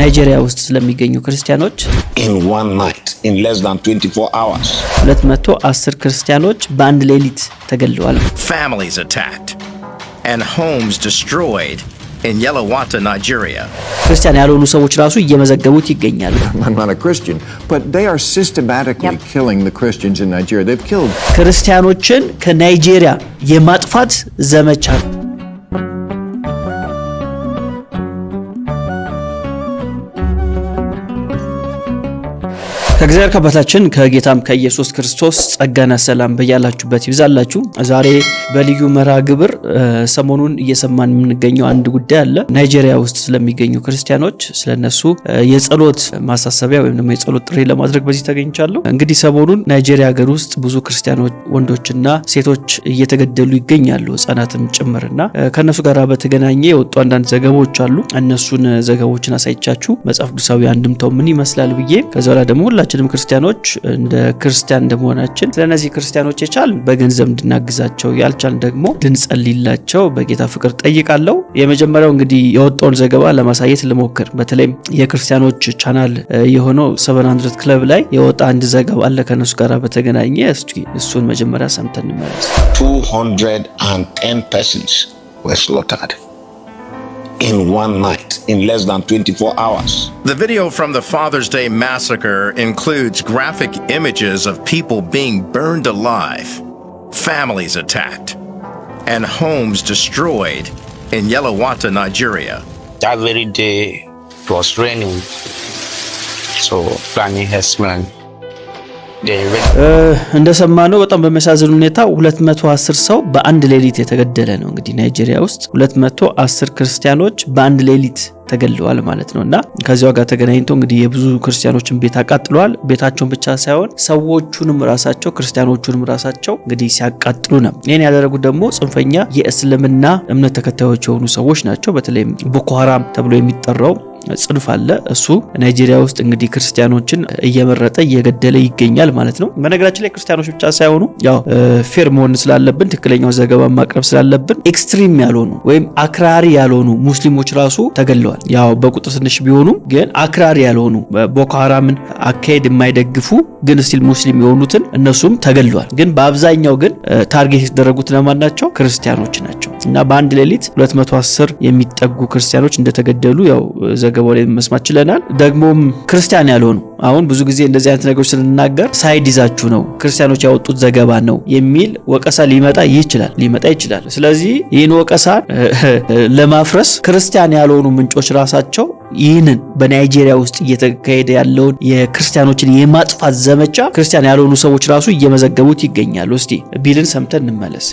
ናይጄሪያ ውስጥ ስለሚገኙ ክርስቲያኖች ሁለት መቶ አስር ክርስቲያኖች በአንድ ሌሊት ተገለዋል። ክርስቲያን ያልሆኑ ሰዎች ራሱ እየመዘገቡት ይገኛሉ። ክርስቲያኖችን ከናይጄሪያ የማጥፋት ዘመቻ ከእግዚአብሔር ከአባታችን ከጌታም ከኢየሱስ ክርስቶስ ጸጋና ሰላም በያላችሁበት ይብዛላችሁ። ዛሬ በልዩ መርሃ ግብር ሰሞኑን እየሰማን የምንገኘው አንድ ጉዳይ አለ። ናይጄሪያ ውስጥ ስለሚገኙ ክርስቲያኖች ስለነሱ የጸሎት ማሳሰቢያ ወይም ደግሞ የጸሎት ጥሪ ለማድረግ በዚህ ተገኝቻለሁ። እንግዲህ ሰሞኑን ናይጄሪያ ሀገር ውስጥ ብዙ ክርስቲያኖች ወንዶችና ሴቶች እየተገደሉ ይገኛሉ፣ ህጻናትም ጭምርና ከእነሱ ጋር በተገናኘ የወጡ አንዳንድ ዘገቦች አሉ። እነሱን ዘገቦችን አሳይቻችሁ መጽሐፍ ቅዱሳዊ አንድምታው ምን ይመስላል ብዬ ከዚ ደግሞ ሁላችንም ክርስቲያኖች እንደ ክርስቲያን እንደመሆናችን ስለነዚህ ክርስቲያኖች የቻል በገንዘብ እንድናግዛቸው ያልቻል ደግሞ ድንጸልላቸው በጌታ ፍቅር ጠይቃለው። የመጀመሪያው እንግዲህ የወጣውን ዘገባ ለማሳየት ልሞክር። በተለይም የክርስቲያኖች ቻናል የሆነው ሰቨን ሀንድረድ ክለብ ላይ የወጣ አንድ ዘገባ አለ ከነሱ ጋር በተገናኘ እስኪ እሱን መጀመሪያ ሰምተን እንመለስ። in one night, in less than 24 hours. The video from the Father's Day massacre includes graphic images of people being burned alive, families attacked, and homes destroyed in Yelawata, Nigeria. That very day, it was raining, so planning has planned እንደሰማነው ነው። በጣም በሚያሳዝን ሁኔታ 210 ሰው በአንድ ሌሊት የተገደለ ነው። እንግዲህ ናይጄሪያ ውስጥ 210 ክርስቲያኖች በአንድ ሌሊት ተገለዋል ማለት ነው። እና ከዚያ ጋር ተገናኝቶ እንግዲህ የብዙ ክርስቲያኖችን ቤት አቃጥለዋል። ቤታቸውን ብቻ ሳይሆን ሰዎቹንም ራሳቸው ክርስቲያኖቹንም ራሳቸው እንግዲህ ሲያቃጥሉ ነው። ይህን ያደረጉት ደግሞ ጽንፈኛ የእስልምና እምነት ተከታዮች የሆኑ ሰዎች ናቸው። በተለይም ቦኮ ሀራም ተብሎ የሚጠራው ጽንፍ አለ። እሱ ናይጄሪያ ውስጥ እንግዲህ ክርስቲያኖችን እየመረጠ እየገደለ ይገኛል ማለት ነው። በነገራችን ላይ ክርስቲያኖች ብቻ ሳይሆኑ ያው ፌር መሆን ስላለብን ትክክለኛው ዘገባ ማቅረብ ስላለብን ኤክስትሪም ያልሆኑ ወይም አክራሪ ያልሆኑ ሙስሊሞች ራሱ ተገለዋል። ያው በቁጥር ትንሽ ቢሆኑም ግን አክራሪ ያልሆኑ ቦኮ ሀራምን አካሄድ የማይደግፉ ግን ስቲል ሙስሊም የሆኑትን እነሱም ተገለዋል። ግን በአብዛኛው ግን ታርጌት የተደረጉት ለማን ናቸው? ክርስቲያኖች ናቸው። እና በአንድ ሌሊት 210 የሚጠጉ ክርስቲያኖች እንደተገደሉ ያው ዘገባው ላይ መስማት ችለናል። ደግሞም ክርስቲያን ያልሆኑ አሁን ብዙ ጊዜ እንደዚህ አይነት ነገሮች ስንናገር ሳይድ ይዛችሁ ነው ክርስቲያኖች ያወጡት ዘገባ ነው የሚል ወቀሳ ሊመጣ ይችላል ሊመጣ ይችላል። ስለዚህ ይህን ወቀሳ ለማፍረስ ክርስቲያን ያልሆኑ ምንጮች ራሳቸው ይህንን በናይጄሪያ ውስጥ እየተካሄደ ያለውን የክርስቲያኖችን የማጥፋት ዘመቻ ክርስቲያን ያልሆኑ ሰዎች ራሱ እየመዘገቡት ይገኛሉ። እስቲ ቢልን ሰምተን እንመለስ።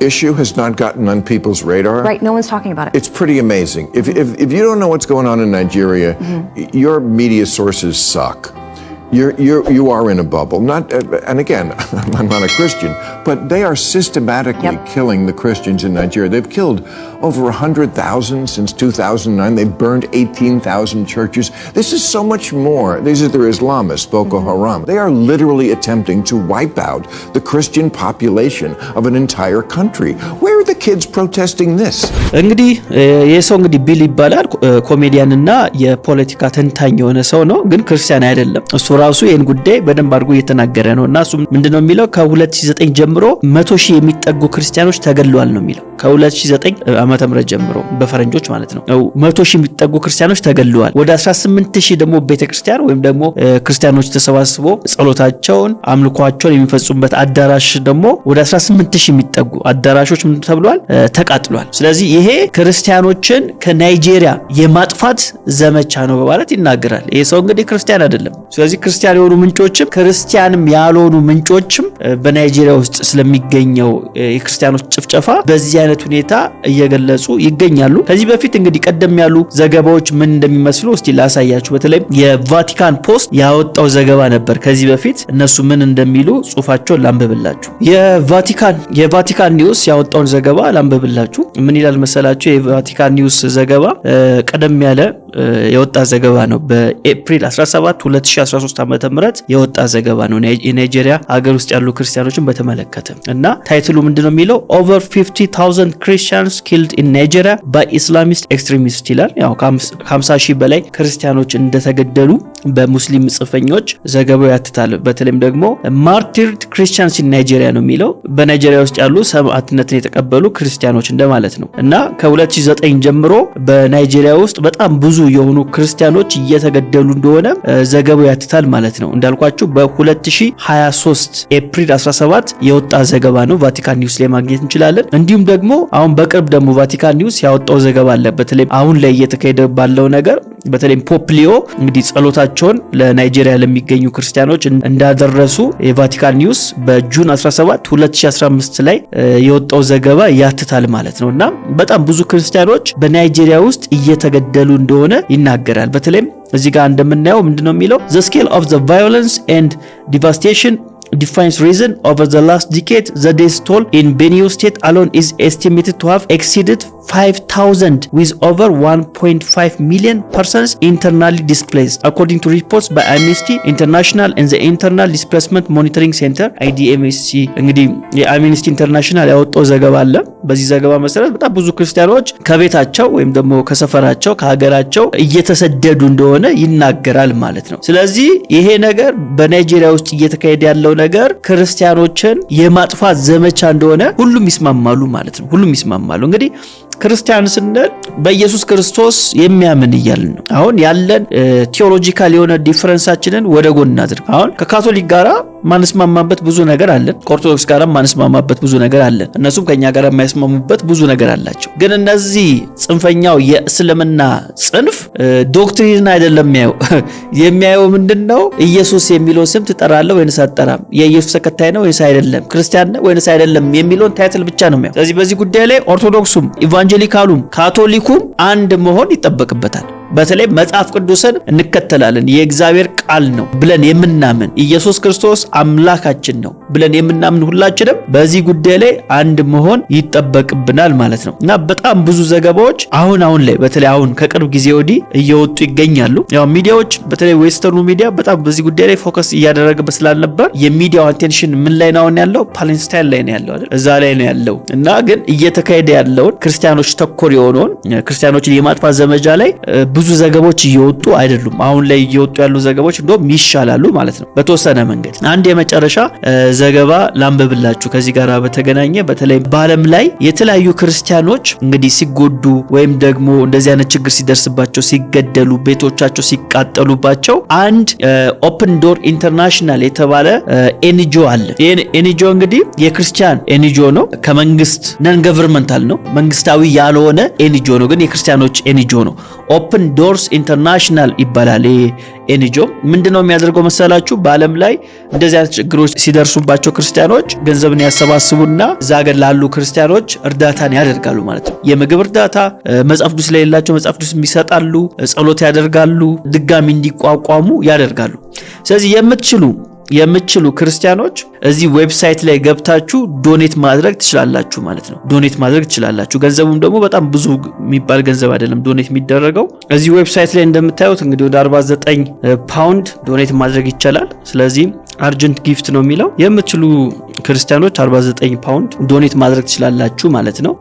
issue has not gotten on people's radar. Right, no one's talking about it. It's pretty amazing. If, if, if you don't know what's going on in Nigeria, mm-hmm. your media sources suck. You're, you're, you are in a bubble. Not, uh, and again, I'm not a Christian, but they are systematically yep. killing the Christians in Nigeria. They've killed over 100,000 since 2009. They've burned 18,000 churches. This is so much more. These are their Islamists, Boko mm-hmm. Haram. They are literally attempting to wipe out the Christian population of an entire country. Where እንግዲህ ይህ ሰው እንግዲህ ቢል ይባላል። ኮሜዲያንና የፖለቲካ ተንታኝ የሆነ ሰው ነው፣ ግን ክርስቲያን አይደለም። እሱ ራሱ ይህን ጉዳይ በደንብ አድርጎ እየተናገረ ነው እና እሱ ምንድነው የሚለው ከ2009 ጀምሮ 10 ሺህ የሚጠጉ ክርስቲያኖች ተገድለዋል ነው የሚለው። ከ2009 ዓመተ ጀምሮ በፈረንጆች ማለት ነው መቶ ሺህ የሚጠጉ ክርስቲያኖች ተገድለዋል። ወደ 18 ሺህ ደግሞ ቤተክርስቲያን ወይም ደግሞ ክርስቲያኖች ተሰባስቦ ጸሎታቸውን አምልኳቸውን የሚፈጽሙበት አዳራሽ ደግሞ ወደ 18 ሺህ የሚጠጉ አዳራሾች ምን ተብሏል ተቃጥሏል። ስለዚህ ይሄ ክርስቲያኖችን ከናይጄሪያ የማጥፋት ዘመቻ ነው በማለት ይናገራል። ይሄ ሰው እንግዲህ ክርስቲያን አይደለም። ስለዚህ ክርስቲያን የሆኑ ምንጮችም ክርስቲያንም ያልሆኑ ምንጮችም በናይጄሪያ ውስጥ ስለሚገኘው የክርስቲያኖች ጭፍጨፋ በዚያ አይነት ሁኔታ እየገለጹ ይገኛሉ። ከዚህ በፊት እንግዲህ ቀደም ያሉ ዘገባዎች ምን እንደሚመስሉ እስቲ ላሳያችሁ። በተለይ የቫቲካን ፖስት ያወጣው ዘገባ ነበር። ከዚህ በፊት እነሱ ምን እንደሚሉ ጽሁፋቸውን ላንብብላችሁ። የቫቲካን የቫቲካን ኒውስ ያወጣውን ዘገባ ላንብብላችሁ። ምን ይላል መሰላችሁ? የቫቲካን ኒውስ ዘገባ ቀደም ያለ የወጣ ዘገባ ነው። በኤፕሪል 17 2013 ዓ ም የወጣ ዘገባ ነው የናይጄሪያ ሀገር ውስጥ ያሉ ክርስቲያኖችን በተመለከተ እና ታይትሉ ምንድነው የሚለው ኦቨር 50 ታውዘንድ ክርስቲያንስ ኪልድ ኢን ናይጄሪያ ባይ ኢስላሚስት ኤክስትሪሚስት ይላል። ያው ከ50 ሺህ በላይ ክርስቲያኖች እንደተገደሉ በሙስሊም ጽንፈኞች ዘገባው ያትታል። በተለይም ደግሞ ማርቲርድ ክርስቲያንስ ኢን ናይጄሪያ ነው የሚለው በናይጄሪያ ውስጥ ያሉ ሰማዕትነትን የተቀበሉ ክርስቲያኖች እንደማለት ነው እና ከ2009 ጀምሮ በናይጄሪያ ውስጥ በጣም ብዙ የሆኑ ክርስቲያኖች እየተገደሉ እንደሆነ ዘገባው ያትታል ማለት ነው። እንዳልኳችሁ በ2023 ኤፕሪል 17 የወጣ ዘገባ ነው። ቫቲካን ኒውስ ላይ ማግኘት እንችላለን። እንዲሁም ደግሞ ደግሞ አሁን በቅርብ ደግሞ ቫቲካን ኒውስ ያወጣው ዘገባ አለ። በተለይ አሁን ላይ እየተካሄደ ባለው ነገር በተለይም ፖፕ ሊዮ እንግዲህ ጸሎታቸውን ለናይጄሪያ ለሚገኙ ክርስቲያኖች እንዳደረሱ የቫቲካን ኒውስ በጁን 17 2015 ላይ የወጣው ዘገባ ያትታል ማለት ነው እና በጣም ብዙ ክርስቲያኖች በናይጄሪያ ውስጥ እየተገደሉ እንደሆነ ይናገራል። በተለይም እዚህ ጋር እንደምናየው ምንድነው የሚለው ዘ ስኬል ኦፍ ዘ ቫዮለንስ ኤንድ ዲቫስቴሽን defines reason over the last decade the death toll in Benue state alone is estimated to have exceeded 5,000 with over 1.5 million persons internally displaced according to reports by Amnesty International and the Internal Displacement Monitoring Center IDMC። እንግዲህ የአምነስቲ ኢንተርናሽናል ያወጣው ዘገባ አለ። በዚህ ዘገባ መሰረት በጣም ብዙ ክርስቲያኖች ከቤታቸው ወይም ደግሞ ከሰፈራቸው ከሀገራቸው እየተሰደዱ እንደሆነ ይናገራል ማለት ነው። ስለዚህ ይሄ ነገር በናይጄሪያ ውስጥ እየተካሄደ ያለው ነገር ክርስቲያኖችን የማጥፋት ዘመቻ እንደሆነ ሁሉም ይስማማሉ ማለት ነው። ሁሉም ይስማማሉ። እንግዲህ ክርስቲያን ስንል በኢየሱስ ክርስቶስ የሚያምን እያልን ነው። አሁን ያለን ቴዎሎጂካል የሆነ ዲፍረንሳችንን ወደ ጎን አድርግ። አሁን ከካቶሊክ ጋራ ማንስማማበት ብዙ ነገር አለን። ከኦርቶዶክስ ጋር ማንስማማበት ብዙ ነገር አለን። እነሱም ከኛ ጋር የማይስማሙበት ብዙ ነገር አላቸው። ግን እነዚህ ጽንፈኛው የእስልምና ጽንፍ ዶክትሪን አይደለም የሚያየው የሚያየው ምንድን ነው? ኢየሱስ የሚለውን ስም ትጠራለህ ወይንስ አትጠራም? የኢየሱስ ተከታይ ነው ወይንስ አይደለም? ክርስቲያን ነው ወይንስ አይደለም? የሚለውን ታይትል ብቻ ነው የሚያየው። ስለዚህ በዚህ ጉዳይ ላይ ኦርቶዶክሱም ኢቫንጀሊካሉም ካቶሊኩም አንድ መሆን ይጠበቅበታል። በተለይ መጽሐፍ ቅዱስን እንከተላለን የእግዚአብሔር ቃል ነው ብለን የምናምን ኢየሱስ ክርስቶስ አምላካችን ነው ብለን የምናምን ሁላችንም በዚህ ጉዳይ ላይ አንድ መሆን ይጠበቅብናል ማለት ነው እና በጣም ብዙ ዘገባዎች አሁን አሁን ላይ በተለይ አሁን ከቅርብ ጊዜ ወዲህ እየወጡ ይገኛሉ። ያው ሚዲያዎች በተለይ ዌስተርኑ ሚዲያ በጣም በዚህ ጉዳይ ላይ ፎከስ እያደረገ ስላልነበር የሚዲያው አቴንሽን ምን ላይ ነው ያለው? ፓለስታይን ላይ ነው ያለው አይደል? እዛ ላይ ነው ያለው እና ግን እየተካሄደ ያለውን ክርስቲያኖች ተኮር የሆነውን ክርስቲያኖችን የማጥፋት ዘመቻ ላይ ብዙ ዘገቦች እየወጡ አይደሉም። አሁን ላይ እየወጡ ያሉ ዘገቦች እንደውም ይሻላሉ ማለት ነው በተወሰነ መንገድ። አንድ የመጨረሻ ዘገባ ላንብብላችሁ ከዚህ ጋር በተገናኘ በተለይ በዓለም ላይ የተለያዩ ክርስቲያኖች እንግዲህ ሲጎዱ ወይም ደግሞ እንደዚህ አይነት ችግር ሲደርስባቸው፣ ሲገደሉ፣ ቤቶቻቸው ሲቃጠሉባቸው አንድ ኦፕን ዶር ኢንተርናሽናል የተባለ ኤንጂኦ አለ። ኤንጂኦ እንግዲህ የክርስቲያን ኤንጂኦ ነው። ከመንግስት ነን ገቨርንመንታል ነው መንግስታዊ ያልሆነ ኤንጂኦ ነው፣ ግን የክርስቲያኖች ኤንጂኦ ነው ኦፕን ኦፕን ዶርስ ኢንተርናሽናል ይባላል። ይሄ ምንድነው የሚያደርገው መሰላችሁ? በዓለም ላይ እንደዚህ አይነት ችግሮች ሲደርሱባቸው ክርስቲያኖች ገንዘብን ያሰባስቡና እዛ ሀገር ላሉ ክርስቲያኖች እርዳታን ያደርጋሉ ማለት ነው። የምግብ እርዳታ፣ መጽሐፍ ቅዱስ ለሌላቸው መጽሐፍ ቅዱስ ይሰጣሉ፣ ጸሎት ያደርጋሉ፣ ድጋሚ እንዲቋቋሙ ያደርጋሉ። ስለዚህ የምትችሉ የምችሉ ክርስቲያኖች እዚህ ዌብሳይት ላይ ገብታችሁ ዶኔት ማድረግ ትችላላችሁ ማለት ነው። ዶኔት ማድረግ ትችላላችሁ። ገንዘቡም ደግሞ በጣም ብዙ የሚባል ገንዘብ አይደለም ዶኔት የሚደረገው። እዚህ ዌብሳይት ላይ እንደምታዩት እንግዲህ ወደ 49 ፓውንድ ዶኔት ማድረግ ይቻላል። ስለዚህ አርጀንት ጊፍት ነው የሚለው የምትችሉ ክርስቲያኖች 49 ፓውንድ ዶኔት ማድረግ ትችላላችሁ ማለት ነው።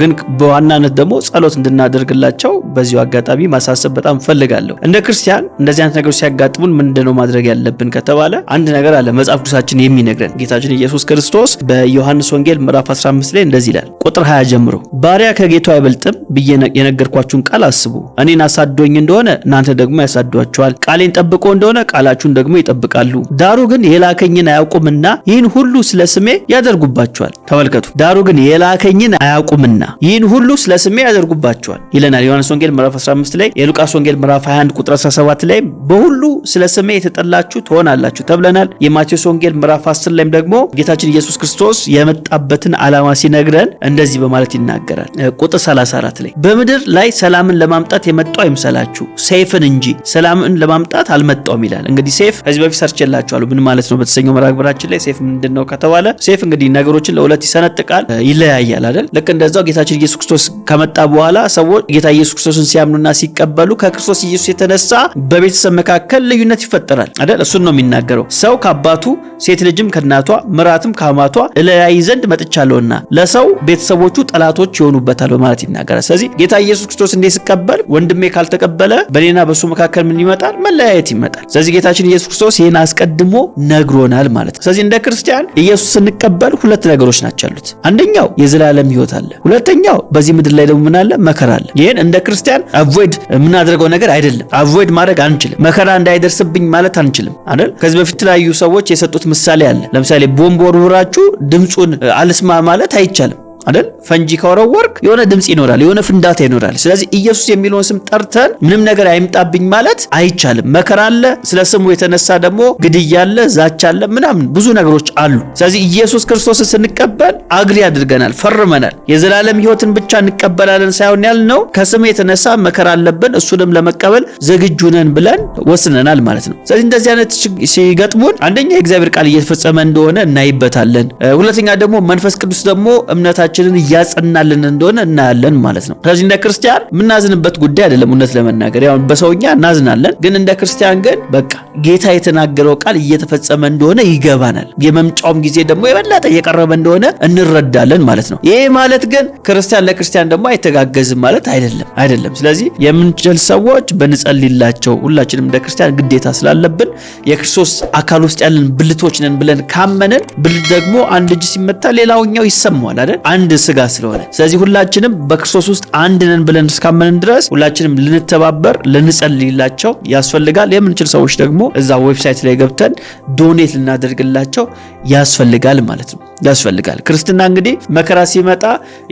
ግን በዋናነት ደግሞ ጸሎት እንድናደርግላቸው በዚሁ አጋጣሚ ማሳሰብ በጣም ፈልጋለሁ። እንደ ክርስቲያን እንደዚህ አይነት ነገሮች ሲያጋጥሙን ምንድነው ማድረግ ያለብን ከተባለ አንድ ነገር አለ መጽሐፍ ቅዱሳችን የሚነግረን ጌታችን ኢየሱስ ክርስቶስ በዮሐንስ ወንጌል ምዕራፍ 15 ላይ እንደዚህ ይላል ቁጥር 20 ጀምሮ ባሪያ ከጌቱ አይበልጥም ብዬ የነገርኳችሁን ቃል አስቡ። እኔን አሳዶኝ እንደሆነ እናንተ ደግሞ ያሳዷቸዋል ቃሌን ጠብቆ እንደሆነ ቃላችሁን ደግሞ ይጠብቃሉ። ዳሩ ግን ግን የላከኝን አያውቁምና ይህን ሁሉ ስለ ስሜ ያደርጉባቸዋል። ተመልከቱ። ዳሩ ግን የላከኝን አያውቁምና ይህን ሁሉ ስለ ስሜ ያደርጉባቸዋል ይለናል ዮሐንስ ወንጌል ምዕራፍ 15 ላይ፣ የሉቃስ ወንጌል ምዕራፍ 21 ቁጥር 17 ላይ በሁሉ ስለ ስሜ የተጠላችሁ ትሆናላችሁ ተብለናል። የማቴዎስ ወንጌል ምዕራፍ 10 ላይም ደግሞ ጌታችን ኢየሱስ ክርስቶስ የመጣበትን ዓላማ ሲነግረን እንደዚህ በማለት ይናገራል። ቁጥር 34 ላይ በምድር ላይ ሰላምን ለማምጣት የመጣው አይምሰላችሁ ሰይፍን እንጂ ሰላምን ለማምጣት አልመጣውም ይላል። እንግዲህ ሰይፍ ከዚህ በፊት ሰርቼላችኋለሁ ምን ማለት ነው። በተሰኘው መርሃ ግብራችን ላይ ሴፍ ምንድን ነው ከተባለ ሴፍ እንግዲህ ነገሮችን ለሁለት ይሰነጥቃል፣ ይለያያል አይደል? ልክ እንደዛው ጌታችን ኢየሱስ ክርስቶስ ከመጣ በኋላ ሰዎች ጌታ ኢየሱስ ክርስቶስን ሲያምኑና ሲቀበሉ ከክርስቶስ ኢየሱስ የተነሳ በቤተሰብ መካከል ልዩነት ይፈጠራል አይደል? እሱን ነው የሚናገረው። ሰው ከአባቱ ሴት ልጅም ከእናቷ ምራትም ከአማቷ እለያይ ዘንድ መጥቻለሁና ለሰው ቤተሰቦቹ ጠላቶች ይሆኑበታል በማለት ይናገራል። ስለዚህ ጌታ ኢየሱስ ክርስቶስ እንዴ ስቀበል ወንድሜ ካልተቀበለ በኔና በሱ መካከል ምን ይመጣል? መለያየት ይመጣል። ስለዚህ ጌታችን ኢየሱስ ክርስቶስ ይህን አስቀድሞ ነግሮናል ማለት ነው። ስለዚህ እንደ ክርስቲያን ኢየሱስ ስንቀበል ሁለት ነገሮች ናቸው ያሉት። አንደኛው የዘላለም ህይወት አለ። ሁለተኛው በዚህ ምድር ላይ ደግሞ ምናለ መከራ አለ። ይህን እንደ ክርስቲያን አቮይድ የምናደርገው ነገር አይደለም። አቮይድ ማድረግ አንችልም። መከራ እንዳይደርስብኝ ማለት አንችልም አይደል? ከዚህ በፊት የተለያዩ ሰዎች የሰጡት ምሳሌ አለ። ለምሳሌ ቦምብ ወርውራችሁ ድምፁን አልስማ ማለት አይቻልም። አይደል? ፈንጂ ከወረወርክ የሆነ ድምፅ ይኖራል፣ የሆነ ፍንዳታ ይኖራል። ስለዚህ ኢየሱስ የሚለውን ስም ጠርተን ምንም ነገር አይምጣብኝ ማለት አይቻልም። መከራ አለ፣ ስለ ስሙ የተነሳ ደግሞ ግድያ አለ፣ ዛቻ አለ፣ ምናምን ብዙ ነገሮች አሉ። ስለዚህ ኢየሱስ ክርስቶስን ስንቀበል አግሪ አድርገናል፣ ፈርመናል። የዘላለም ህይወትን ብቻ እንቀበላለን ሳይሆን ያልነው ከስም የተነሳ መከራ አለብን፣ እሱንም ለመቀበል ዝግጁ ነን ብለን ወስነናል ማለት ነው። ስለዚህ እንደዚህ አይነት ሲገጥሙን አንደኛ የእግዚአብሔር ቃል እየተፈጸመ እንደሆነ እናይበታለን። ሁለተኛ ደግሞ መንፈስ ቅዱስ ደግሞ እምነታ እምነታችንን እያጸናልን እንደሆነ እናያለን ማለት ነው። ስለዚህ እንደ ክርስቲያን የምናዝንበት ጉዳይ አይደለም። እውነት ለመናገር ያው በሰውኛ እናዝናለን፣ ግን እንደ ክርስቲያን ግን በቃ ጌታ የተናገረው ቃል እየተፈጸመ እንደሆነ ይገባናል። የመምጫውም ጊዜ ደግሞ የበለጠ እየቀረበ እንደሆነ እንረዳለን ማለት ነው። ይህ ማለት ግን ክርስቲያን ለክርስቲያን ደግሞ አይተጋገዝም ማለት አይደለም አይደለም። ስለዚህ የምንችል ሰዎች በንጸልላቸው ሁላችንም እንደ ክርስቲያን ግዴታ ስላለብን የክርስቶስ አካል ውስጥ ያለን ብልቶች ነን ብለን ካመንን ብልት ደግሞ አንድ እጅ ሲመታ ሌላውኛው ይሰማዋል አይደል? አንድ ስጋ ስለሆነ፣ ስለዚህ ሁላችንም በክርስቶስ ውስጥ አንድ ነን ብለን እስካመንን ድረስ ሁላችንም ልንተባበር ልንጸልይላቸው ያስፈልጋል። የምንችል ሰዎች ደግሞ እዛ ዌብሳይት ላይ ገብተን ዶኔት ልናደርግላቸው ያስፈልጋል ማለት ነው። ያስፈልጋል ክርስትና እንግዲህ መከራ ሲመጣ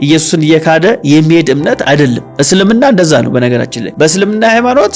ኢየሱስን እየካደ የሚሄድ እምነት አይደለም። እስልምና እንደዛ ነው። በነገራችን ላይ በእስልምና ሃይማኖት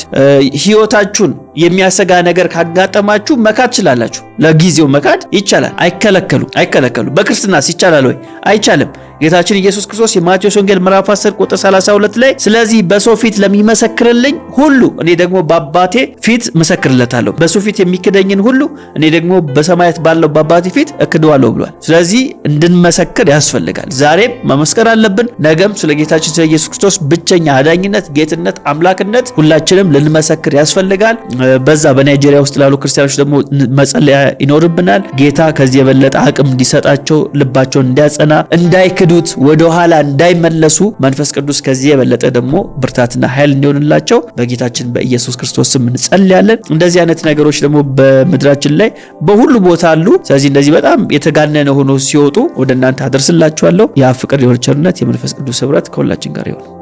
ህይወታችሁን የሚያሰጋ ነገር ካጋጠማችሁ መካድ ትችላላችሁ። ለጊዜው መካድ ይቻላል፣ አይከለከሉ አይከለከሉ። በክርስትናስ ይቻላል ወይ? አይቻልም። ጌታችን ኢየሱስ ክርስቶስ የማቴዎስ ወንጌል ምዕራፍ 10 ቁጥር 32 ላይ ስለዚህ በሰው ፊት ለሚመሰክርልኝ ሁሉ እኔ ደግሞ በአባቴ ፊት መሰክርለታለሁ፣ በሰው ፊት የሚክደኝን ሁሉ እኔ ደግሞ በሰማያት ባለው በአባቴ ፊት ፊት እክደዋለሁ ብሏል። ስለዚህ እንድንመሰክር ያስፈልጋል። ዛሬም መመስከር አለብን። ነገም ስለ ጌታችን ስለ ኢየሱስ ክርስቶስ ብቸኛ አዳኝነት፣ ጌትነት፣ አምላክነት ሁላችንም ልንመሰክር ያስፈልጋል። በዛ በናይጄሪያ ውስጥ ላሉ ክርስቲያኖች ደግሞ መጸለያ ይኖርብናል። ጌታ ከዚህ የበለጠ አቅም እንዲሰጣቸው፣ ልባቸውን እንዲያጸና፣ እንዳይክዱት፣ ወደኋላ እንዳይመለሱ መንፈስ ቅዱስ ከዚህ የበለጠ ደግሞ ብርታትና ኃይል እንዲሆንላቸው በጌታችን በኢየሱስ ክርስቶስ ስም እንጸልያለን። እንደዚህ አይነት ነገሮች ደግሞ በምድራችን ላይ በሁሉ ቦታ አሉ። ስለዚህ እንደዚህ በጣም የተጋነነ ሆኖ ሲወጡ ወደ እናንተ አደርስላችኋለሁ። የአብ ፍቅር፣ የወልድ ቸርነት፣ የመንፈስ ቅዱስ ህብረት ከሁላችን ጋር ይሆን።